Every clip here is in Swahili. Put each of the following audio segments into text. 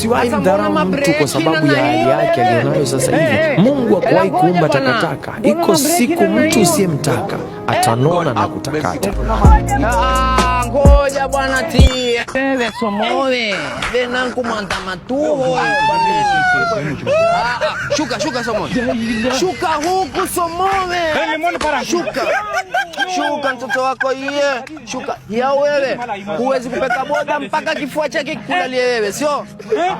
Siwahi mdharau mtu kwa sababu ya hali yake aliyonayo eh, sasa eh, hivi. Eh. Mungu hakuwahi kuumba takataka. Iko siku mtu usiyemtaka atanona na kutakata. Ah, ngoja bwana ti tie somoe venankumwantamatuo ah, ah, shuka shuka somoe shuka huku somoe shuka shuka mtoto wako iye shuka Ya wewe huwezi kupeka boda mpaka kifua chake kikulalie wewe sio eh?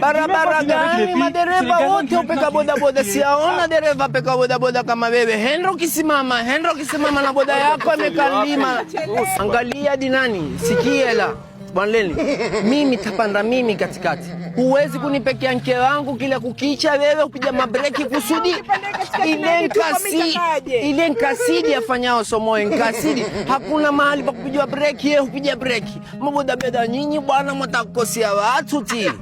barabara gani? Madereva wote upeka bodaboda, siaona dereva peka bodaboda kama wewe. Henro kisimama, Henro kisimama na boda yako amekalima. Angalia dinani, sikiela Bwana Leni, mimi tapanda mimi katikati, huwezi kunipekea nke wangu kila kukicha, wewe kupiga mabreki kusudi ile nkasidi afanyao somoe nkasidi, hakuna mahali pa kupiga breki, yeye hupiga breki. Mabodabeda nyinyi bwana, mtakosea watu ti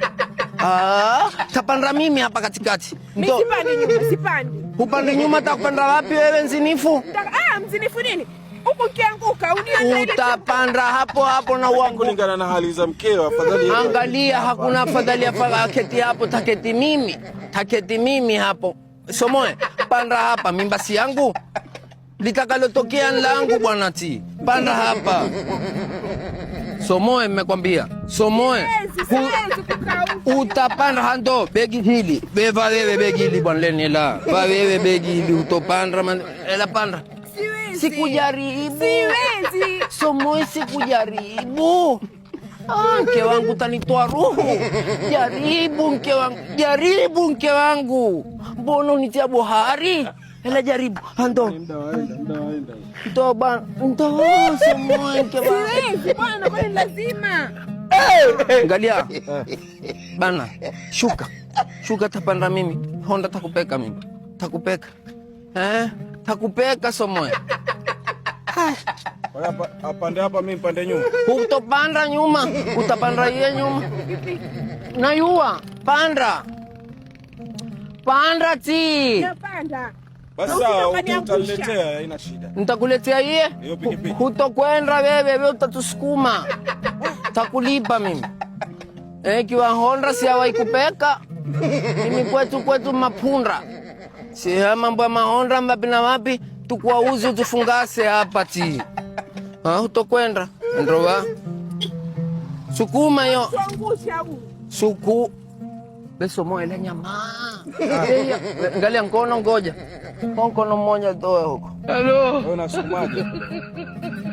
Ah, tapanda mimi hapa katikati. Mimi sipandi nyuma, sipandi. Upande nyuma takupanda wapi wewe nzinifu? Ah, mzinifu nini? utapanda hapo hapo na uanguke kulingana na hali za mkeo. Afadhali angalia, hakuna afadhali aketi hapo taketi mimi taketi mimi hapo somoe panda hapa mimba si yangu litakalotokea langu bwana ti panda hapa somoe, mmekwambia somoe utapanda hando begi hili beva wewe begi hili bwana lenela va wewe begi hili utopanda ela panda Sikujaribu, siwezi Somoe, sikujaribu. Ah, mke wangu tanitoa ruhu. Jaribu mke wangu, jaribu mke wangu, mbona unitia bohari? Hela jaribu, ando ah, ndo bana, ndo Somoe mke wangu, siwezi bwana, lazima ngalia bana, shuka shuka, tapanda mimi honda, takupeka mimi, takupeka eh, takupeka Somoe. Apande hapa mimi pande nyuma. Utopanda nyuma, utapanda yeye nyuma. Nayua, panda. Panda ti. Napanda. Basi sawa, utaletea haina shida. Nitakuletea yeye. Hutokwenda wewe, wewe utatusukuma. Takulipa mimi. Eh, kiwa honra si hawa ikupeka. Mimi kwetu kwetu mapunda. Si mambo ya mahonra mbapi na wapi tukwauzi utufungase hapa ti ha, utokwenda ndowa sukuma yo suku besomoela nyama ngalia nkono ngoja nkono mmoja toe huko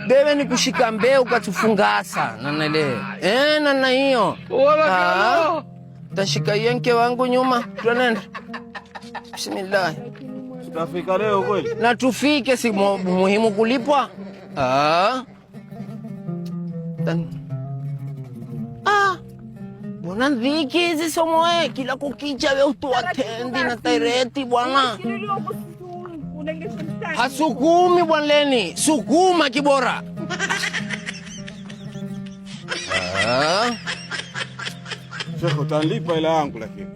deve ni kushika mbeu katufungasa nanele e, nana hiyo tashika yenke wangu nyuma twanenda bismillahi Tutafika leo kweli? Na tufike, si muhimu kulipwa. Ah. Ah. Bwana ndiki hizi somoe eh? kila kukicha wewe utuatendi na taireti bwana. Hasukumi bwana leni, sukuma kibora. Ah. Sasa utanlipa ila yangu lakini.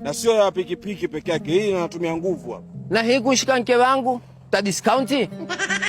Na sio ya pikipiki peke yake, hii inatumia nguvu hapa na hii kushika nke wangu ta discounti